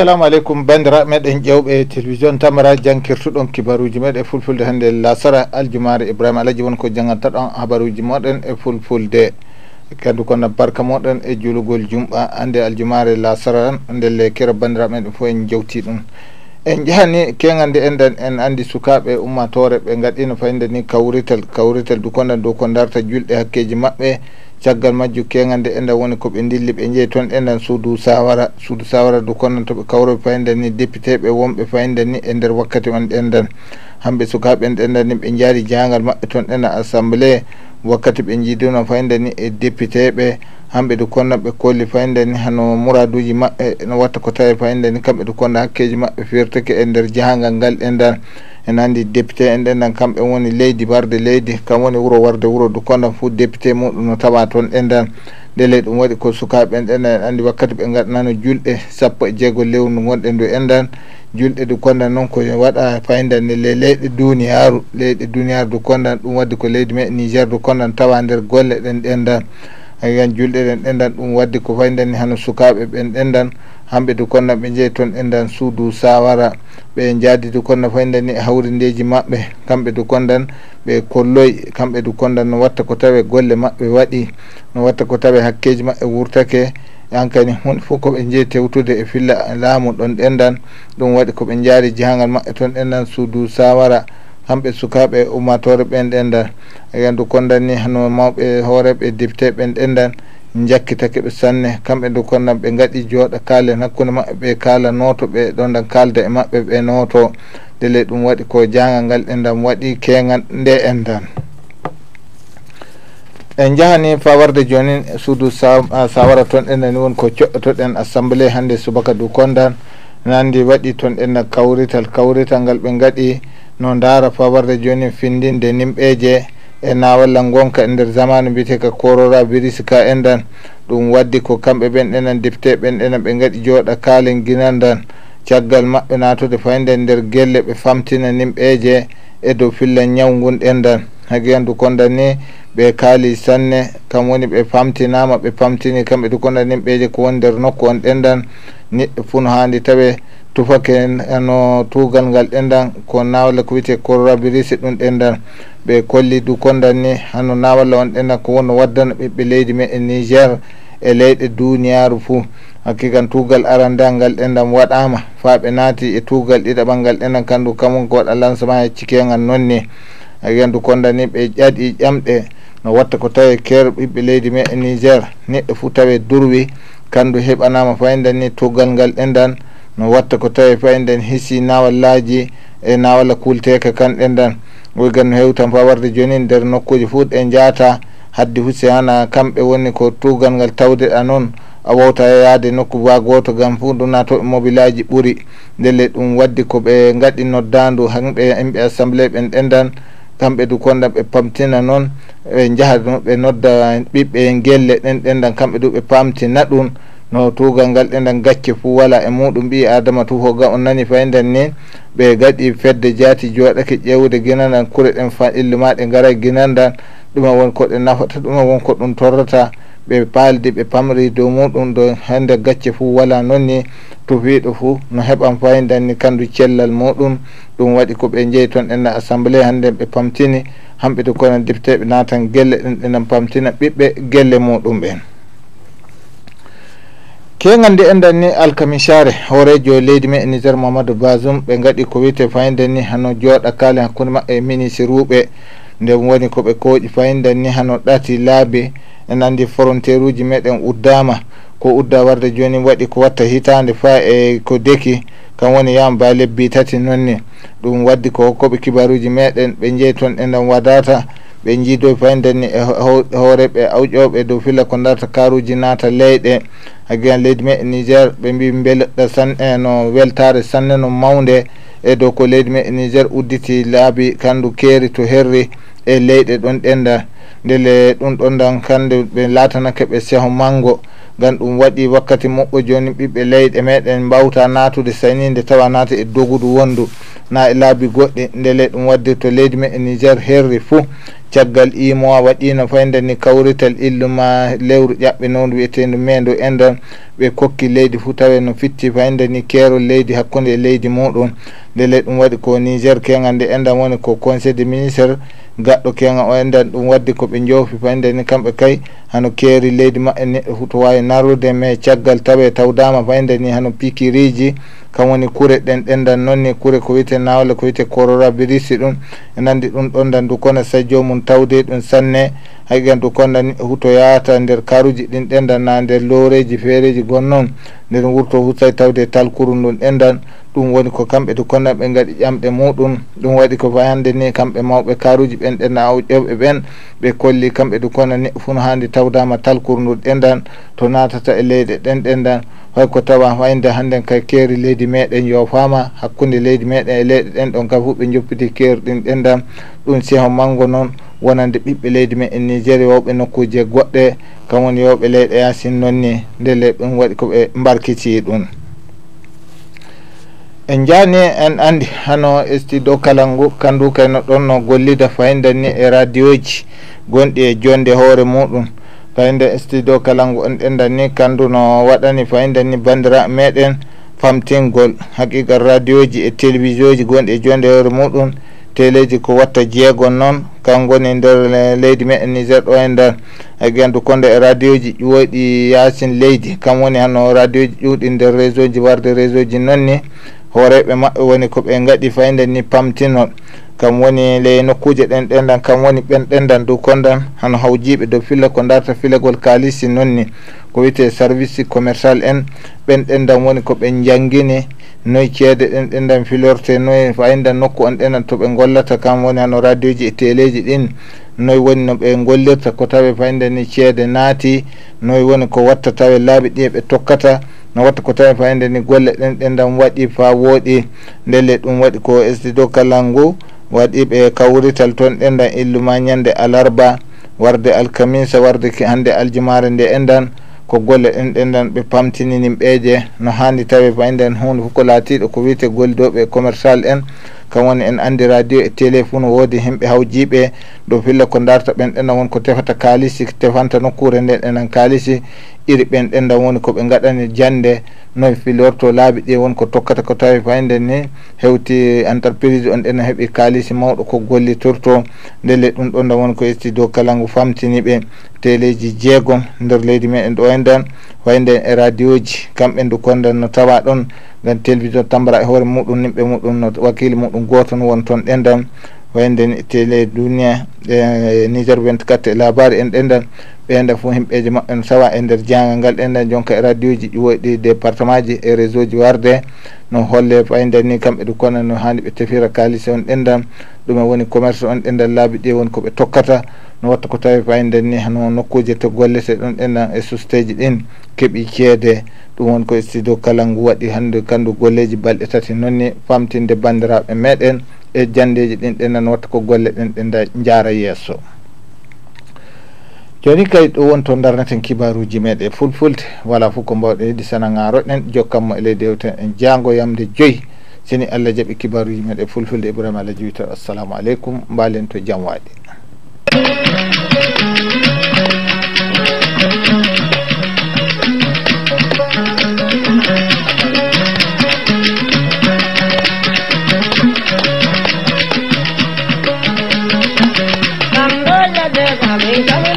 assalamu aleykum bandiraɓe meɗen ƴewɓe télévision tamara jankirtuɗon kibaruji meɗen e fulfulde hannde lasara aljumare ibrahima alaji won ko jangantaɗon habaruji moɗen e fulfulde kadi kono barka moɗon e julugol jumɓa annde aljumare lasara ndelle kira bandiraɓe meɗen fof en jewti ɗum en jahani kega e nde enɗen en andi sukaɓe ummatore ɓe gaɗino fayde ni kawritel kawritel du konɗen dow ko darta julɗe hakkeji maɓɓe caggal majju kegande enda woni koɓe dilli ɓe jeeyi toon endan suudu sawara suudu sawara du konnan toɓe kawroɓe fayidan ni députéɓe wonɓe fayida ni e nder wakkati on ɗendan hamɓe sukaɓe en ɗendan ni ɓe jaari jangal maɓɓe toon ɗena assemblé wakkati ɓe jiiduno fayda ni e deputeɓe hamɓe ɗo konna ɓe kolli fayda ni hano muraduji maɓɓe no watta ko tawi fayda ni kamɓe ɗo konna hakkeji maɓɓe firtake e nder jahangal ngal ɗendan en anndi député en ɗendan kamɓe woni leydi warde leydi kam woni wuro warde wuro ɗo konna fo député muɗum no tawa toon ɗendan ndele ɗum waɗi ko sukaɓe en ɗen en andi wakkati ɓe gaɗanano julɗe sappo e jeego lewndu gonɗen ndu endan julɗe du kondan noon ko waɗa fayidanle leyɗe duniyaru leyɗe duniyaru du kondan ɗum waddi ko leydi me niger du kondan tawa nder golle ɗen ɗendan ayiyan julɗe ɗen ɗendan ɗum wadde ko faydani hano sukaɓe ɓen ɗendan hamɓe du konna ɓe jeey toon ɗendan suudu sawara ɓe jaadi du konna faydani e hawrindeji maɓɓe kamɓe du kondan ɓe kolloy kamɓe du kondan no watta ko tawe golle maɓɓe waɗi no watta ko tawe hakkeji maɓɓe wurtake ankani hunde fof koɓe jeey tewtude e filla laamu ɗon ɗendan ɗum waɗi koɓe jaari jahangal maɓɓe toon ɗendan suudu sawara hamɓe sukaɓe ummatore ɓen ɗendan gandu kondanni hano mawɓe hooreɓe député ɓen ɗendan jakkitake ɓe sanne kamɓe ndu kondan ɓe gaɗi jooɗa kaalen hakkunde maɓɓe ɓe kaala nooto ɓe ɗonɗan kaalda e maɓɓe ɓe nooto dele ɗum waɗi ko jaagal ngal ɗendan waɗi keegal nde endan en jahani fawarde jooni suudu sawara toon ɗendani woni ko coɗɗotoɗen assemblé hannde subaka du kondan nandi waɗi toon ɗendan kawrital kawrital ngal ɓe gaɗi no ndaara pawarde jooni findinde nimɓeeje e naawalla ngonka e ndeer zamanu mbiyetee ka korora biris ka enndan ɗum waddi ko kamɓe ɓen ɗenan deftee ɓen ɗenan ɓe ngaɗi jooɗa kaalen ginal ndan caggal maɓɓe naatude faynde e ndeer gelle ɓe famtina nimɓeeje e dow fillan ñaw ngun ɗenndan hage anndu konndan ni ɓe kaali sanne kam woni ɓe famtinaama ɓe famtini kamɓe du konndan nimɓeeje ko woni ndeer nokku on ɗenndan neɗɗo fuu no haandi tawe tufake eh, no tuugal ngal ɗendan ko nawalla ko wiyete corrabirise ɗum ɗendan ɓe kolli du kondan ni hano nawalla on ɗendan ko wonno waddana ɓiɓɓe leydi meɗen niger e leyɗe duniyaru fuu hakkikan tuugal arandan ngal ɗendan waɗama fa ɓe naati e tuugal ɗiɗaɓal ngal ɗendan kandu kamum ko waɗa lancement e cikegal nonni hakkikan du kondan ni ɓe ƴaɗi ƴamɗe no watta ko tawe ker ɓiɓɓe leydi meɗen niger neɗɗo fuu tawe durwi kandu heɓanama fayiden ni tugal ngal ɗenɗan no watta ko tawi fayiden hisi nawallaji e nawalla kulteka kanɗenɗan oygannu hewtan fa warde joni nder nokkuji fuu ɗe jaata haddi fu sehana kamɓe woni ko tugal ngal tawdeɗa noon a wawta yaade nokku ba goto gam fu ɗum natoɓe mobile aji ɓuuri ndele ɗum waddi koɓe gaɗi noddandu hanɓe yimɓe assemblé ɓen ɗenɗan kamɓe du konɗa ɓe pamtina noon ɓe jahat no ɓe nodda ɓiɓɓe gelle ɗen ɗenɗan kamɓe du ɓe pamtina ɗum no tugal ngal ɗenɗan gacce fuu wala e muɗum mbi adama tu hoga on nani fayndan ni ɓe gaɗi fedde jaati jooɗake ƴewde guinandan kure ɗen fa illu ma ɗe gara e guinandan ɗuma won ko ɗe nafata ɗuma won ko ɗum torrata ɓe paaldi ɓe pamri dow muɗum ɗo hande gacce fuu wala noon ni tufiiɗo fuu no heɓan fayidan ni kandu cellal muɗum ɗum waɗi ko ɓe jeeyi toon ɗen assemblé hannde ɓe pamtini hamɓeto kono defteɓe naatan gelle ɗen ɗenen pamtina ɓiɓɓe gelle muɗum ɓen kegal nde endan ni alkamisare horejo leydi me nigér mamadou basum ɓe gaɗi ko wiyte fayidan ni hano jooɗa kaali hakkunde maɓɓe e ministre uɓe nde woni koɓe kooƴi fayidan ni hano ɗati laabi en anndi frontiére uji meɗen uddama ko udda warde joni waɗi ko watta hitande fa e ko deki kam woni yam ba lebbi tati nonni ɗum waddi ko hokkoɓe kibaruji meɗen ɓe jeey toon enen wadata ɓe jiido fayndeni e, e, e hooreɓe awƴoɓe dow filla ko darta karuji naata leyɗe agian leydi meɗen niger ɓe mbi beleɗɗa san e eh, no weltare sanne no mawnde e dow ko leydi meɗen niger udditi laabi kandu keeri to herri e leyɗe ɗon ɗenda ndele ɗum ɗon dan kande ɓe latanake ɓe seho mango gan ɗum waɗi wakkati moɓɓo joni ɓiɓɓe leyɗe meɗen mbawta natude sayni nde tawa naata e dogudu wondu na e laabi goɗɗi ndele ɗum wadde to leydi me e niger herri fuu caggal imoa waɗino fayda ni kawrital illuma lewru ƴaɓɓe nowndu wiyetendu mendo endan ɓe kokki leydi fuu tawe no fitti fayda ni keerol leydi hakkunde e leydi muɗum ndele ɗum waɗi ko niger kengal nde endan woni ko conseil de ministre gaɗɗo kengal o endan ɗum waddi ko ɓe joofi fayda ni kamɓe kay hano keeri leydi maɓɓe neɗɗo fuu to wawi narude me caggal tawe tawdama fayda ni hano pikiriji kamwoni kure ɗen ɗendan noonni kure ko wiyete nawle ko wiyete corora birisi ɗum en anndi ɗum ɗon dan dukona sa jomum tawde ɗum sanne haygan dukonda huto yaata nder karuji ɗin ɗendan na nder loreji feereji gon noon nder wurto husay tawde talkurum ɗum ɗendan ɗum woni ko kamɓe to konnan ɓe gaɗi ƴamɗe muɗum ɗum waɗi ko fayande ni kamɓe mawɓe karuji ɓen ɗe naw ƴoɓe ɓen ɓe kolli kamɓe to konnan neɗɗo fun hande tawdama talkurndur ɗendan to natata e leyde ɗen ɗendan hayko tawa wayde hannden kay keeri leydi meɗen yo fama hakkunde leydi meɗen e leyɗe ɗen ɗon gafu ɓe joppiti keeri ɗin ɗendan ɗum siho manngo noon wonande ɓiɓɓe leydi meɗen nigéri wawɓe nokkuji goɗɗe kam woni yoɓe leyɗe yasin noon ni ndele ɗum waɗi koɓe mbarkiti ɗum E en jani en andi hano sti dow kalangu kandu kayno ɗon no gollida fayida ni e radio ji gonɗi e jonde hoore muɗum fayida sti dow kalangu en ɗendan ni kandu no waɗani fayida ni bandira meɗen famtingol haqiqat radio ji e télévision ji gonɗi e jonde hoore muɗum teleji ko watta jeegon noon kangoni nder leydi meɗen niger ɗo e nder gandu konde e radio ji ƴuwoyɗi yasin leydi kam woni hano radio ji ƴuɗi nder réseau ji warde réseau ji noon ni hooreɓe maɓɓe woni ko ɓe gaɗi fayden ni pamtinon kam woni ley nokkuje ɗen ɗendan kam woni ɓen ɗendan dow kondan hano hawjiɓe dow filla ko darta filagol kalissi nonni ko wiyete service commercial en ɓen ɗendan woni ko ɓen jangguine noyi ceede ɗen ɗendan filorte noyi fayndan nokku on ɗendan to ɓe gollata kam woni hano radio ji e téléji ɗin noyi woni no ɓe gollirta ko tawe fayndani ceede naati noyi woni ko watta tawe laaɓi ɗi e ɓe tokkata no watta ko tawi fayde ni golle ɗen ɗenɗan waɗi fa wooɗi ndele ɗum waɗi ko sdido kalangu waɗi ɓe kawrital toon ɗenɗan illuma ñande alarba warde alkamisa warde hande aljumare nde enɗan ko golle ɗen ɗenɗan ɓe pamtininimɓeje no hani tawi fayden hunde fof ko laatiɗo ko wiyete golli ɗo ɓe commercial en kamwoni en andi radio e téléphone woodi hemɓe hawjiiɓe ɗo filla ko darta ɓen ɗenɗan woni ko tefata kaalisi tefanta nokkure nde ɗenan kaalisi iri ɓen ɗenɗan woni koɓe gaɗani jande noe filorto laabi ɗi wonko tokkata ko tawi fayde ni hewti entreprise on ɗena heeɓi kaalisi mawɗo ko gollitorto ndele ɗum ɗo nda woni ko yetti dow kala ngu famtiniɓe teleji jeegom nder leydi meɗen ɗo henndan fayde e radio ji kamɓe ndu kondan no tawa ɗon gam télévision tambara e hoore muɗum nimɓe muɗum no wakkile muɗum goto no won toon ɗendan wayde télé dunia e, e niger 24 e labari en ɗendan ɓeenda fo himɓeje maɓɓe no sawa e nder jeyagal ngal ɗendan jonka e radio ji ƴuwoyɗi département ji e réseau ji warde no holle fayndeni kamɓe ɗo kono no hani ɓe tefira kalis on ɗendan ɗume woni commerce on ɗendan laabi ɗi woni koɓe tokkata no watta ko tawi fayndeni no nokkuji to golleteɗon ɗendan e société ji ɗin keeɓi ceede ɗum woni koye studio kala ngu waɗi hannde kanndu golleji balɗe tati noon ni famtinde banndiraaɓe meɗen e janndeji ɗin ɗenen watta ko golle ɗen ɗe jaara yeeso joni kay ɗo won to darneten kibaruji meɗe fulfulde wala fof ko mbawɗe yiɗi sanagaro ɗen jokkatmo e ley dewten en jaango yamde joyi sini allah jaɓi kibaruji meɗe fulfulde ibrahima alah jiwi taw assalamu aleykum mbalen to jam waɗi Venga,